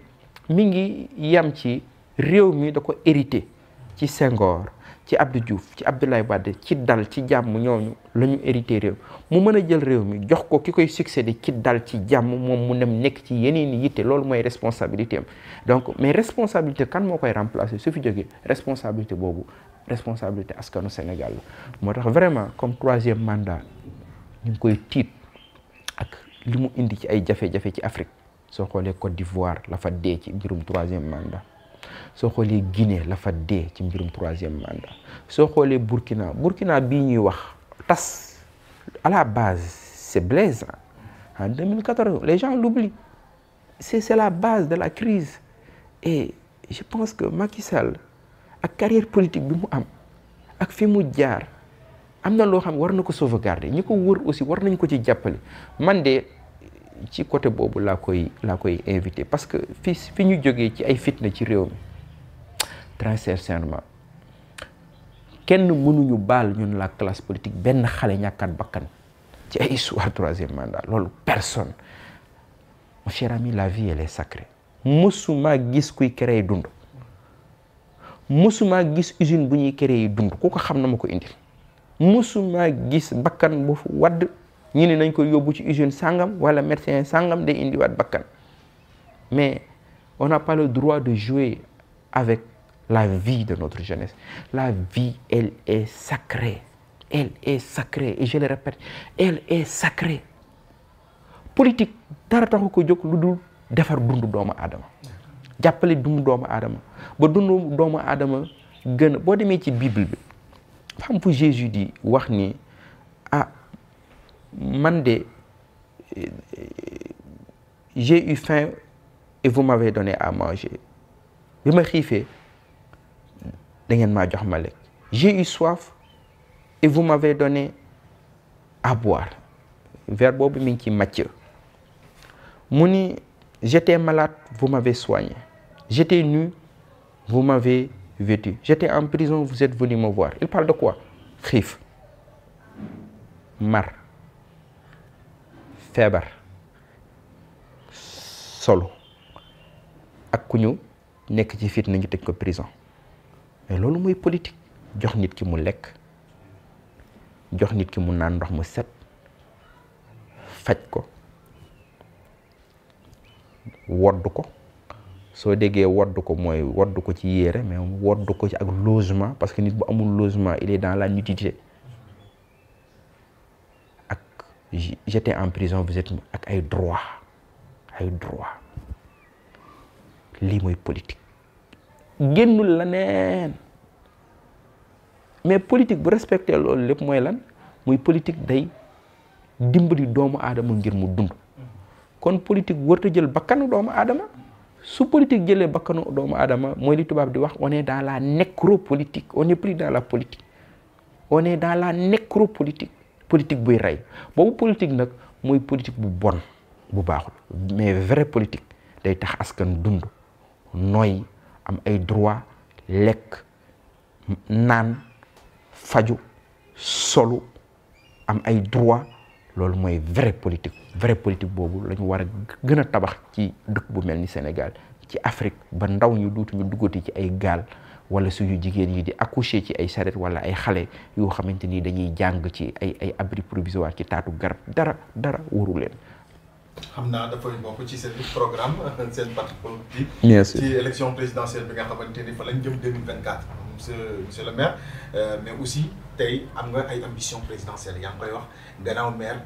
mi ngi yam ci réew mi da ko hérité ci Senghor ci Abdou Diouf ci Abdoulaye Wade ci dal ci jàmm ñooñu la ñu hérité réew mu mën a jël réew mi jox ko ki koy di ci dal ci jàmm moom mu dem nekk ci yeneen i yitte loolu mooy responsabilité donc mais responsabilité kan moo koy remplacer su fi jógee responsabilité boobu responsabilité askanu Sénégal moo tax vraiment comme troisième mandat ñu koy tiit ak li mu indi ci ay jafe-jafe ci Afrique soo xoolee Côte d'Ivoire la fa dee ci mbirum troisième mandat soo xoolee Guinée la fa dee ci mbirum troisième mandat soo xoolee Burkina Burkina bii ñuy wax tas à la base c'est Blaise en 2014 les gens l'oublient c'est c'est la base de la crise et je pense que Macky Sall ak carrière politique bi mu am ak fi mu jaar am na loo xam war na ko sauvegarder ñu ko wër aussi war nañ ko ci jàppale man de ci côté boobu laa koy laa koy invité parce que fi fi ñu jogee ci ay fitna ci réew mi très kenn mënuñu baal ñun la classe politique benn xale ñàkkaat bakkan ci ay histoire troisième mandat loolu personne mon cher ami la vie elle est sacrée mësuma gis kuy créer dund mësumaa gis usine bu ñuy créer dund ku ko xam na ma ko indil mësumaa gis bakkan bu fu wadd ñu ne nañ ko yóbbu ci usine sangam wala médecin sangam day indi waat bakkan mais on n'a pas le droit de jouer avec la vie de notre jeunesse la vie elle est sacrée elle est sacrée et je le répète elle est sacrée politique dara taxu ko jóg lu dul defar dundu doomu aadama jàppale dum doomu aadama ba dundu doomu aadama gën a boo demee ci bible bi xam fu Jésus di wax ni ah man de j'ai eu faim et vous m'avez donné à manger bi ma xiifee da ngeen maa jox male lekk eu soif et vous m'avez donné à boire vers boobu mi ngi ci Matthieu J'étais malaat vous m'avez soigné. J'étais nu, vous m'avez vêtu. J'étais en prison, vous êtes venu me voir. Il parle de quoi xiif mar feebar solo ak ku ñu nekk ci fitna ñu tëj ko prison mais loolu mooy politique jox nit ki mu lekk jox nit ki mu naan ndox mu set faj ko wodd ko soo déggee wodd ko mooy wodd ko ci yére mais wodd ko ci ak logement parce que nit bu amul logement il est dans la nudité ak j'étais en prison vous êtes ak ay droit ay droit lii mooy politique génnul la neen mais politique bu respecté loolu lépp mooy lan muy politique day dimbali doomu aadama ngir mu dund kon politique warut a jël bakkanu doomu aadama su politique jëlee bakkanu doomu aadama mooy li tubaab di wax on est dans la nécropolitique on est plus dans la politique on est la nécropolitique politique buy rey boobu politique nag mooy politique bu bon bu baaxul mais vraie politique day tax askan dund nooy am ay droit lekk naan faju solu am ay droit loolu mooy vraie politique vraie politique boobu la ñu war a gën a tabax ci dëkk bu mel ni Sénégal ci Afrique ba ndaw ñu duutuñu duggati ci ay gaal wala suñu jigéen yi di accoucher ci ay saret wala ay xale yoo xamante ni dañuy jàng ci ay ay abri provisoire ci taatu garab dara dara waru leen xam naa dafay bokk ci seen programme seen parti ci élection présidentielle bi nga xamante ni fa lañ jëm 2024. monsieur monsieur le maire euh, mais aussi tey am nga ay ambition présidentielle yaa ngi koy wax gannaaw maire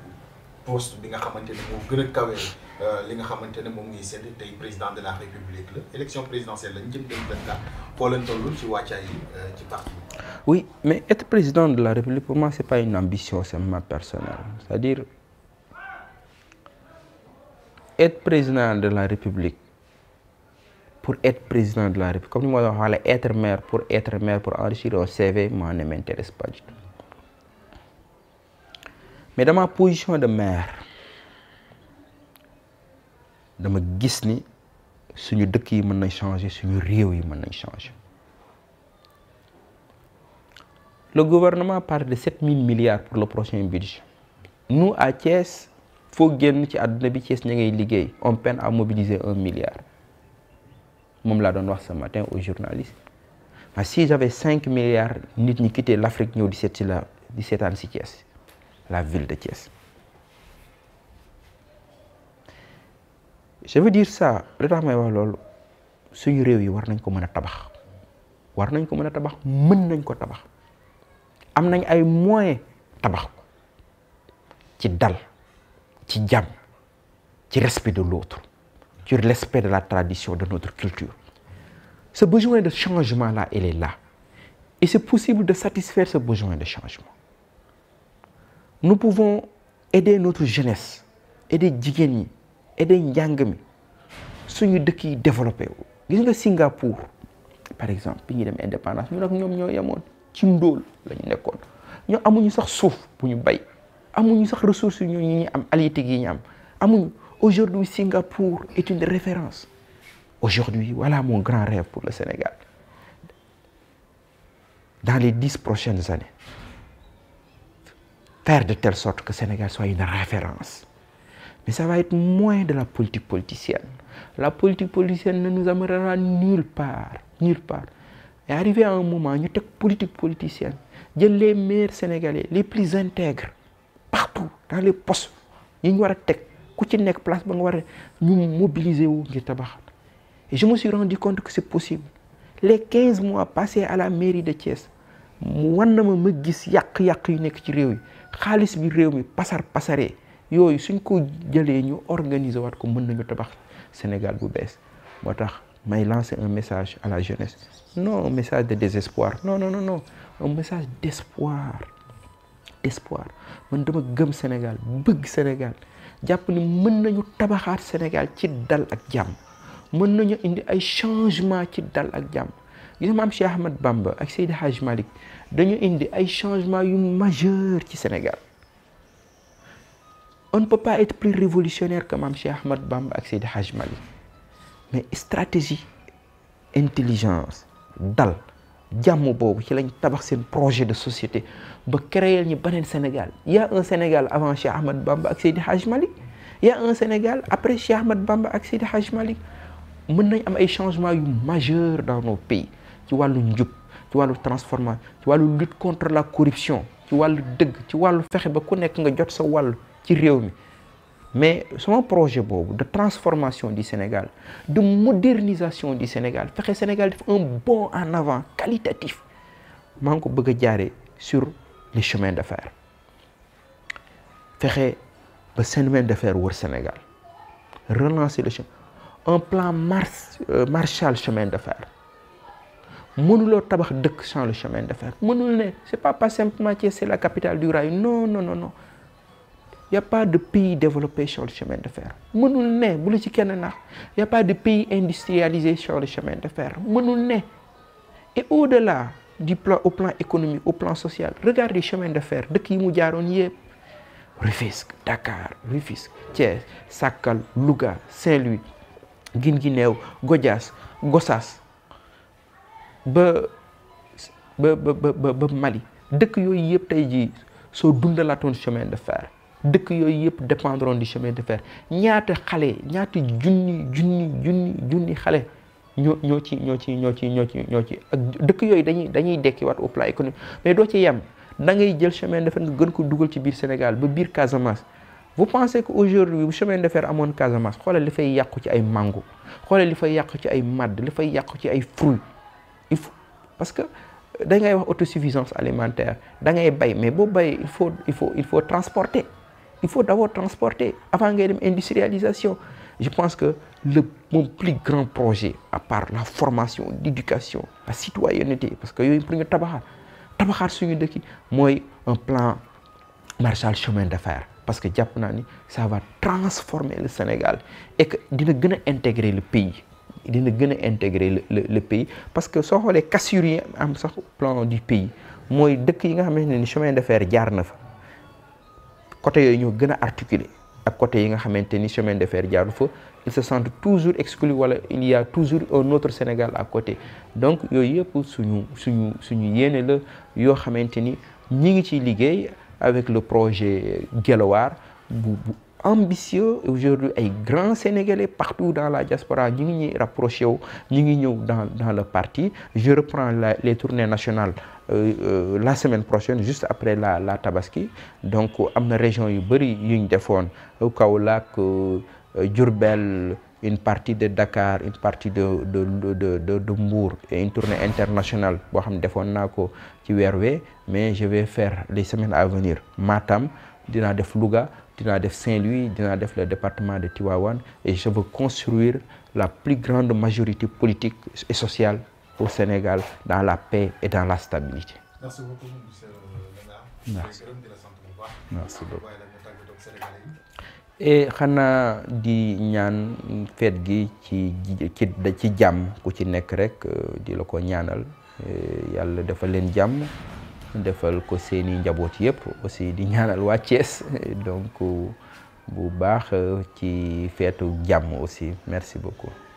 poste bi nga xamante ni moo gën a kawee euh, li nga xamante ne moom ngi sedd tey président de la république la élection présidentielle lañ jëm 2024 foo leen toll ci wàccaay yi euh, ci parti bi. mais être président de la république pour moi c'est pas une ambition être président de la république pour et président de la république comme ni ma la waxee être maire pour être maire pour enrichir un CV moi ne m'intéresse pas du tout mais dans ma position de maire dama gis ni suñu dëkk yi mën nañ changer suñu réew yi mën nañ changer le gouvernement par de sept mille milliards pour le prochain budget nous à Thiès. foo génn ci àdduna bi Thiès ña ngay liggéey on peine à mobiliser un milliard moom laa doon wax ce matin aux journalistes mais ah, si j'avais cinq milliards nit ñi quitté l'Afrique ñëw di seet si la di seetaan si Thiès la ville de Thiès je veux dire saa lu tax may wax loolu suñu réew yi war nañ ko mën a tabax war nañ ko mën a tabax mën nañ ko tabax am nañ ay moyen tabax ko ci dal ci jàmm ci respect de l'autre ci respect de la tradition de notre culture ce besoin de changement là il est là et c'est possible de satisfaire ce besoin de changement nous pouvons aider notre jeunesse aider jigéen ñi aider njàng mi suñu dëkk yi développé gis nga Singapour par exemple bi ñuy dem indépendance ñu nag ñoom ñoo yemoon ci ndóol la ñu nekkoon ñoo amuñu sax suuf amuñu sax ressources ñu ñu am alliété yi ñu am amuñu aujourd'hui Singapour est une référence aujourd'hui voilà mon grand rêve pour le Sénégal dans les dix prochaines années faire de telle sort que Sénégal soit une référence mais ça va moins de la politique politicienne la politique politicienne ne nous amènera nulle part nulle part et arrivé à un moment ñu teg politique politicienne jël les meilleurs Sénégalais les plus intègres partout dans pos postes yi ñu war a teg ku ci nekk place ba nga war a ñu mobiliser wu ngir tabax et je me suis rendu compte que c'est possible les quinze mois passés à la mairie de Thiès mu wan na ma ma gis yàq-yàq yu nekk ci réew yi xaalis bi réew mi pasar pasaree yooyu suñ ko jëlee ñu organiser wat ko mën nañu tabax Sénégal bu bees moo tax may lance un message à la jeunesse non un message de désespoir non non non non un message d'espoir espoir man dama gëm Sénégal bëgg Sénégal jàpp ni mën nañu tabaxaat Sénégal ci dal ak jàmm mën nañu indi ay changement ci dal ak jàmm gis maam Cheikh Ahmad Bamba ak Seydi Hadj Malick dañu indi ay changement yu majeur ci Sénégal on papa peut pas être plus révolutionnaire que maam Cheikh Ahmad Bamba ak Seydi Hadj Malick mais stratégie intelligence dal jàmm boobu ci lañ tabax seen projet de société ba créer ñu beneen Sénégal y a Sénégal avant Cheikh Ahmad Bamba ak Seydi Hadj Malick y un Sénégal après Cheikh Ahmad Bamba ak Seydi Hadj Malick mën nañ am ay changements yu majeurs dans nos pays ci wàllu njub ci wàllu transformation ci wàllu lutte contre la corruption ci wàllu dëgg ci wàllu fexe ba ku nekk nga jot sa wàll ci réew mi mais suma projet boobu de transformation du Sénégal de modernisation du Sénégal fexe Sénégal def un bond en avant qualitatif maa ngi ko bëgg a jaaree sur les chemins de fer fexe ba chemin de fer wër Sénégal relancer le chemin un plan mars euh, Marshall chemin de fer mënuloo tabax dëkk sans le chemin de fer mënul ne c'est pas pas simplement Thiès c'est la capitale du rail non non non y' a pas de pays développé sur le chemin de fer mënul ne bu la ci kenn nax y' pas de pays industrialisé sur le chemin de fer mënul ne et au-delà du plan au plan au plan social regardez chemin de fer dëkk yi mu jaaroon yëpp Rufisque Dakar Rufisque Thiès Sakal Louga Saint-Louis Guinguinéo Godias gojas ba ba ba ba ba Mali dëkk yooyu yëpp tey jii soo dundalaatoon chemin de fer. dëkk yooyu yëpp dépendront du chemin de fer ñaata xale ñaata junni junni junni junni xale ñoo ñoo ci ñoo ci ñoo ci ñoo ci ñoo ci ak dëkk yooyu dañuy dañuy dekki waat au plan économique mais doo ci yem da jël chemin de fer nga gën ko dugal ci biir Sénégal ba biir Casamance vous pensez que aujourd'hui bu chemin de fer amoon Casamance xoolal li fay yàqu ci ay mango xoolal li fay yàqu ci ay madd li fay yàqu ci ay fruits il faut parce que da ngay wax autosuffisance alimentaire da ngay bay mais boo bay il faut il faut il faut transporter il faut d'abord transporter avant ngay dem industrialisation je pense que le mon plus grand projet à part la formation l'éducation la citoyenneté parce que yooyu pour ñu tabaxaar tabaxaar suñu dëkk mooy un plan Marshall chemin d'affaires parce que jàpp naa ni sa va transformer le Sénégal et dina gën a intégrer le pays dina gën a intégrer le le pays parce que soo xoolee cassures yi am sax plan du pays mooy dëkk yi nga xamante ni ni chemin d'affaires jaar na fa côté yooyu ñoo gën a articulé ak côté yi nga xamante ni chemin de fer jaaru fa ils se sentent toujours exclus wala il y toujours un autre Sénégal à côté donc yooyu yëpp suñu suñu suñu yéene la yoo xamante ni ñi ngi ciy liggéey avec le projet Guelwaar bu bu ambitieux ay grands sénégalais partout dans la diaspora ñu ngi ñuy rapproché wu ñu ngi ñëw dans dans le parti je reprends la les tournées nationales Euh, euh, la semaine prochaine juste après la la tabaski donc am na région yu bëri yuñ defoon kaw Kaolack euh, Diourbel une partie de Dakar une partie de de de de de Mbour et une tournée internationale boo xam ne defoon naa ko ci weer wee mais je vais faire les semaines à venir Matam dinaa def Louga dinaa def Saint-Louis dinaa def le département de Tivaouane et je veux construire la plus grande majorité politique et sociale au Sénégal dans la paix et dans la stabilité. merci beaucoup di ñaan feet gi ci ci ci jàmm ku ci nekk rek euh, di la ko ñaanal euh, yàlla defal leen jàmm defal ko seeni njaboot yëpp aussi di ñaanal waa Thiès donc euh, bu baax ci feetu jàmm aussi merci beaucoup